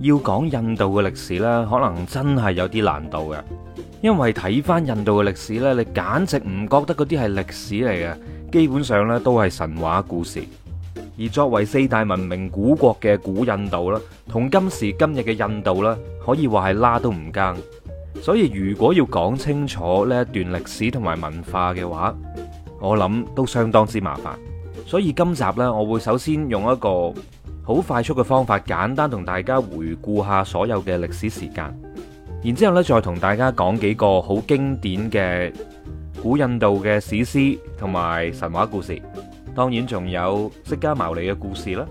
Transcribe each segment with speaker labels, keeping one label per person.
Speaker 1: 要講印度嘅歷史呢，可能真係有啲難度嘅，因為睇翻印度嘅歷史呢，你簡直唔覺得嗰啲係歷史嚟嘅，基本上呢都係神話故事。而作為四大文明古國嘅古印度啦，同今時今日嘅印度呢，可以話係拉都唔更。所以如果要講清楚呢一段歷史同埋文化嘅話，我諗都相當之麻煩。所以今集呢，我會首先用一個。好快速嘅方法，簡單同大家回顧下所有嘅歷史時間，然之後呢再同大家講幾個好經典嘅古印度嘅史詩同埋神話故事，當然仲有釋迦牟尼嘅故事啦。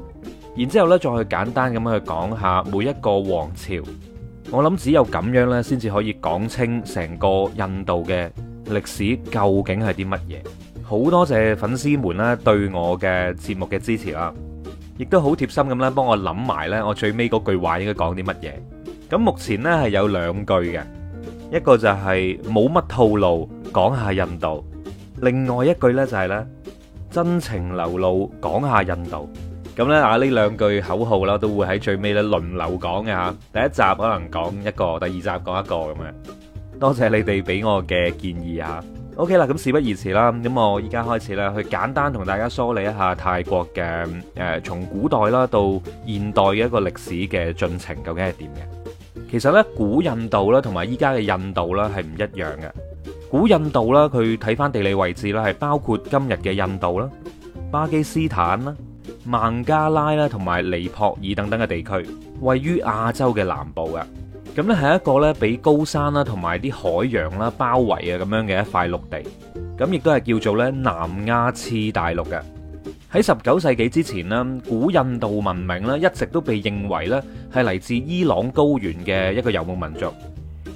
Speaker 1: 然之後呢再去簡單咁樣去講下每一個王朝。我諗只有咁樣呢，先至可以講清成個印度嘅歷史究竟係啲乜嘢。好多謝粉絲們呢對我嘅節目嘅支持啦！亦都好貼心咁咧，幫我諗埋咧，我最尾嗰句話應該講啲乜嘢？咁目前咧係有兩句嘅，一個就係冇乜套路講下印度，另外一句咧就係咧真情流露講下印度。咁咧啊呢兩句口號啦，都會喺最尾咧輪流講嘅嚇。第一集可能講一個，第二集講一個咁嘅。多謝你哋俾我嘅建議嚇。OK 啦，咁事不宜遲啦，咁我依家開始啦，去簡單同大家梳理一下泰國嘅，誒從古代啦到現代嘅一個歷史嘅進程，究竟係點嘅。其實呢，古印度咧同埋依家嘅印度咧係唔一樣嘅。古印度咧，佢睇翻地理位置咧係包括今日嘅印度啦、巴基斯坦啦、孟加拉啦同埋尼泊爾等等嘅地區，位於亞洲嘅南部嘅。咁呢係一個呢被高山啦同埋啲海洋啦包圍呀咁樣嘅一塊陸地，咁亦都係叫做呢南亞次大陸嘅。喺十九世紀之前咧，古印度文明咧一直都被認為咧係嚟自伊朗高原嘅一個游牧民族，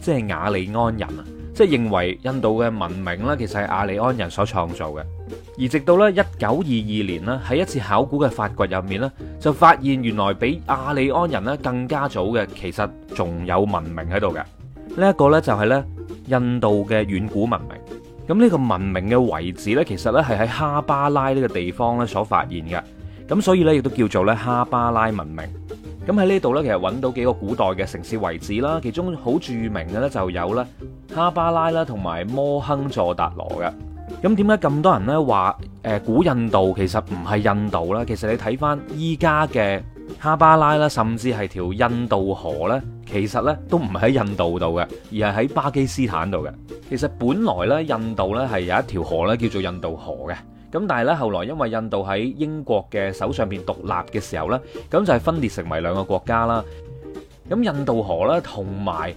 Speaker 1: 即係雅利安人啊，即係認為印度嘅文明咧其實係雅利安人所創造嘅。而直到咧一九二二年呢，喺一次考古嘅發掘入面呢，就發現原來比亞利安人呢更加早嘅，其實仲有文明喺度嘅。呢一個呢，就係呢印度嘅遠古文明。咁呢個文明嘅遺址呢，其實呢係喺哈巴拉呢個地方呢所發現嘅。咁所以呢，亦都叫做呢哈巴拉文明。咁喺呢度呢，其實揾到幾個古代嘅城市遺址啦，其中好著名嘅呢，就有呢哈巴拉啦同埋摩亨佐達羅嘅。咁點解咁多人呢話、呃、古印度其實唔係印度啦？其實你睇翻依家嘅哈巴拉啦，甚至係條印度河呢，其實呢都唔喺印度度嘅，而係喺巴基斯坦度嘅。其實本來呢，印度呢係有一條河呢叫做印度河嘅。咁但係呢，後來因為印度喺英國嘅手上邊獨立嘅時候呢，咁就係分裂成為兩個國家啦。咁印度河呢，同埋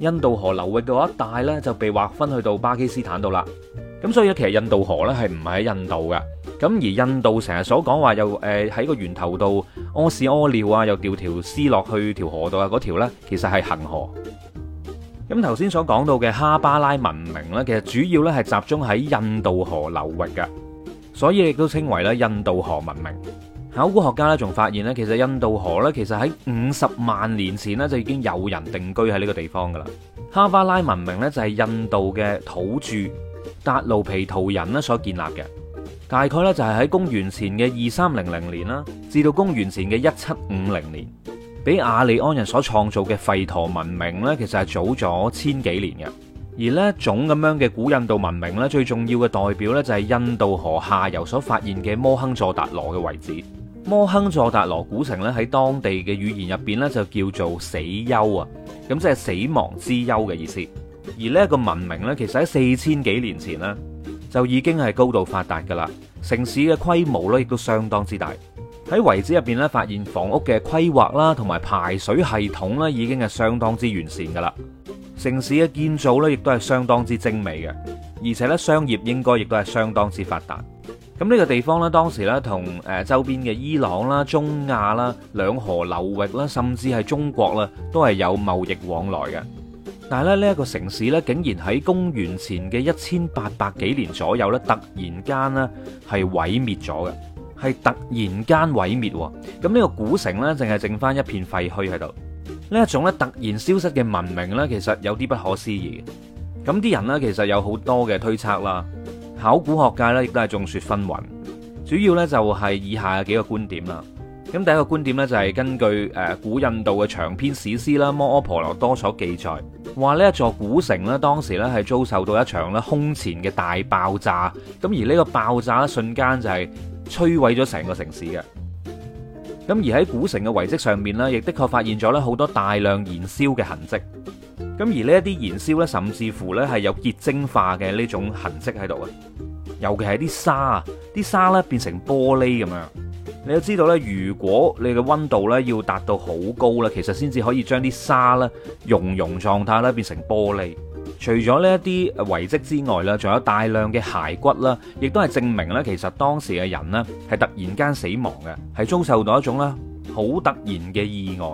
Speaker 1: 印度河流域嘅一帶呢，就被劃分去到巴基斯坦度啦。咁所以咧，其實印度河咧係唔係喺印度㗎？咁而印度成日所講話又誒喺個源頭度屙屎屙尿啊，又掉條絲落去條河度啊，嗰條咧其實係恆河。咁頭先所講到嘅哈巴拉文明咧，其實主要咧係集中喺印度河流域㗎，所以亦都稱為咧印度河文明。考古學家咧仲發現咧，其實印度河咧其實喺五十萬年前咧就已經有人定居喺呢個地方噶啦。哈巴拉文明咧就係印度嘅土著。達魯皮圖人呢所建立嘅，大概呢就係喺公元前嘅二三零零年啦，至到公元前嘅一七五零年，比亞利安人所創造嘅吠陀文明，呢其實係早咗千幾年嘅。而呢種咁樣嘅古印度文明呢，最重要嘅代表呢就係印度河下游所發現嘅摩亨佐達羅嘅遺址。摩亨佐達羅古城呢，喺當地嘅語言入邊呢，就叫做死丘啊，咁即係死亡之丘嘅意思。而呢一個文明呢，其實喺四千幾年前呢，就已經係高度發達噶啦。城市嘅規模呢，亦都相當之大。喺遺址入邊呢，發現房屋嘅規劃啦，同埋排水系統呢，已經係相當之完善噶啦。城市嘅建造呢，亦都係相當之精美嘅。而且呢，商業應該亦都係相當之發達。咁呢個地方呢，當時呢，同誒周邊嘅伊朗啦、中亞啦、兩河流域啦，甚至係中國啦，都係有貿易往來嘅。但係呢一個城市呢，竟然喺公元前嘅一千八百幾年左右呢，突然間呢，係毀滅咗嘅，係突然間毀滅。咁、這、呢個古城呢淨係剩翻一片廢墟喺度。呢一種咧，突然消失嘅文明呢，其實有啲不可思議。咁啲人呢，其實有好多嘅推測啦，考古學界呢亦都係眾說紛紜。主要呢，就係以下嘅幾個觀點啦。咁第一個觀點呢，就係根據誒古印度嘅長篇史詩啦《摩訶婆羅多》所記載，話呢一座古城咧當時咧係遭受到一場咧空前嘅大爆炸，咁而呢個爆炸瞬間就係摧毀咗成個城市嘅。咁而喺古城嘅遺跡上面呢，亦的確發現咗咧好多大量燃燒嘅痕迹。咁而呢啲燃燒呢，甚至乎咧係有結晶化嘅呢種痕跡喺度啊，尤其係啲沙啊，啲沙呢變成玻璃咁樣。你都知道咧，如果你嘅溫度咧要達到好高咧，其實先至可以將啲沙咧熔融狀態咧變成玻璃。除咗呢一啲遺跡之外咧，仲有大量嘅骸骨啦，亦都係證明咧，其實當時嘅人咧係突然間死亡嘅，係遭受到一種啦好突然嘅意外。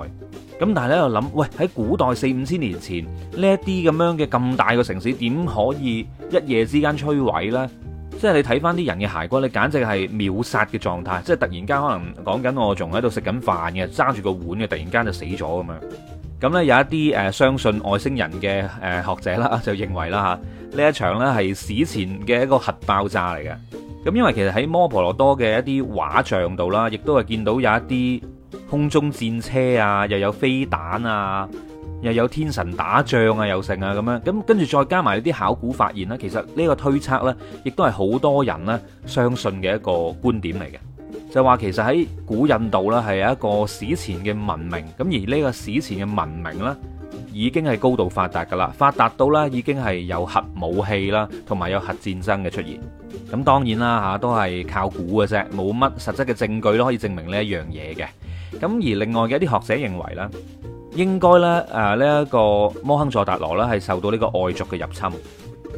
Speaker 1: 咁但係咧又諗，喂，喺古代四五千年前呢一啲咁樣嘅咁大嘅城市，點可以一夜之間摧毀呢？即係你睇翻啲人嘅骸骨，你簡直係秒殺嘅狀態。即係突然間可能講緊我仲喺度食緊飯嘅，揸住個碗嘅，突然間就死咗咁樣。咁咧有一啲誒相信外星人嘅誒學者啦，就認為啦吓，呢一場咧係史前嘅一個核爆炸嚟嘅。咁因為其實喺摩婆羅多嘅一啲畫像度啦，亦都係見到有一啲空中戰車啊，又有飛彈啊。又有天神打仗啊，又剩啊咁樣，咁跟住再加埋呢啲考古發現咧，其實呢個推測咧，亦都係好多人咧相信嘅一個觀點嚟嘅，就話其實喺古印度咧係一個史前嘅文明，咁而呢個史前嘅文明咧已經係高度發達噶啦，發達到咧已經係有核武器啦，同埋有核戰爭嘅出現，咁當然啦嚇都係靠估嘅啫，冇乜實質嘅證據都可以證明呢一樣嘢嘅，咁而另外嘅一啲學者認為咧。應該咧，誒呢一個摩亨佐達羅咧，係受到呢個外族嘅入侵。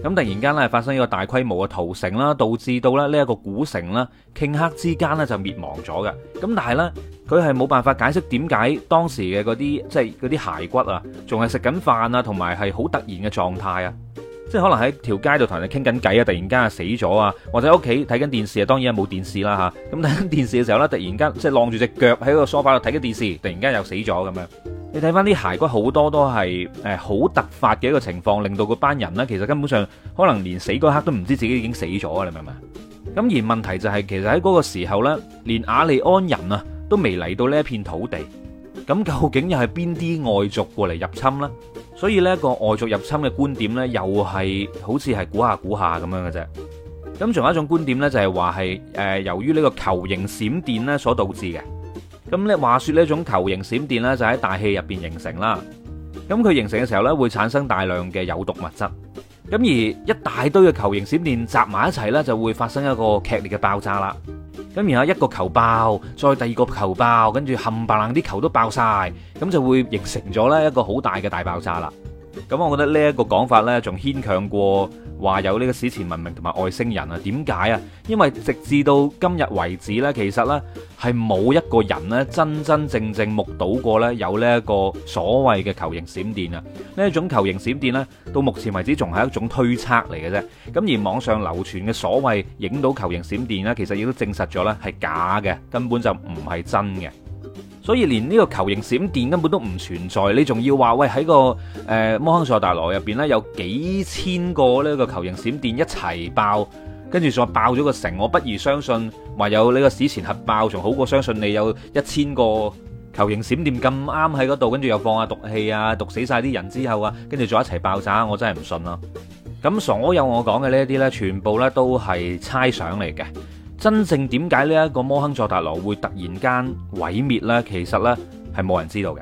Speaker 1: 咁突然間咧，發生一個大規模嘅屠城啦，導致到咧呢一個古城啦，頃刻之間咧就滅亡咗嘅。咁但係呢，佢係冇辦法解釋點解當時嘅嗰啲即係嗰啲骸骨啊，仲係食緊飯啊，同埋係好突然嘅狀態啊，即可能喺條街度同人哋傾緊偈啊，突然間死咗啊，或者屋企睇緊電視啊，當然係冇電視啦吓。咁睇緊電視嘅時候呢，突然間即係晾住隻腳喺個梳化度睇緊電視，突然間又死咗咁樣。你睇翻啲骸骨，好多都係誒好突發嘅一個情況，令到嗰班人呢其實根本上可能連死嗰刻都唔知自己已經死咗啊！你明唔明？咁而問題就係、是，其實喺嗰個時候呢，連雅利安人啊都未嚟到呢一片土地，咁究竟又係邊啲外族過嚟入侵呢？所以呢個個外族入侵嘅觀點呢，又係好似係估下估下咁樣嘅啫。咁仲有一種觀點呢，就係話係誒由於呢個球形閃電呢所導致嘅。咁呢話說呢種球形閃電呢，就喺大氣入邊形成啦。咁佢形成嘅時候呢，會產生大量嘅有毒物質。咁而一大堆嘅球形閃電集埋一齊呢，就會發生一個劇烈嘅爆炸啦。咁然後一個球爆，再第二個球爆，跟住冚唪唥啲球都爆晒，咁就會形成咗呢一個好大嘅大爆炸啦。咁我覺得呢一個講法呢，仲牽強過話有呢個史前文明同埋外星人啊？點解啊？因為直至到今日為止呢，其實呢係冇一個人呢真真正正目睹過呢有呢一個所謂嘅球形閃電啊！呢一種球形閃電呢，到目前為止仲係一種推測嚟嘅啫。咁而網上流傳嘅所謂影到球形閃電呢，其實亦都證實咗呢係假嘅，根本就唔係真嘅。所以連呢個球形閃電根本都唔存在，你仲要話喂，喺個誒、呃、摩亨佐大羅入面呢有幾千個呢個球形閃電一齊爆，跟住再爆咗個城，我不如相信話有呢個史前核爆，仲好過相信你有一千個球形閃電咁啱喺嗰度，跟住又放下毒氣啊，毒死晒啲人之後啊，跟住再一齊爆炸，我真係唔信咯。咁所有我講嘅呢一啲呢，全部呢都係猜想嚟嘅。真正點解呢一個摩亨佐達羅會突然間毀滅呢？其實呢，係冇人知道嘅。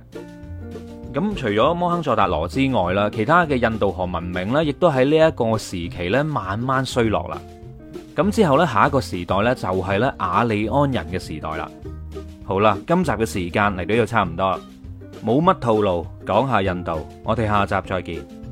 Speaker 1: 咁除咗摩亨佐達羅之外啦，其他嘅印度河文明呢，亦都喺呢一個時期呢慢慢衰落啦。咁之後呢，下一個時代呢，就係呢雅利安人嘅時代啦。好啦，今集嘅時間嚟到就差唔多啦，冇乜套路，講下印度，我哋下集再見。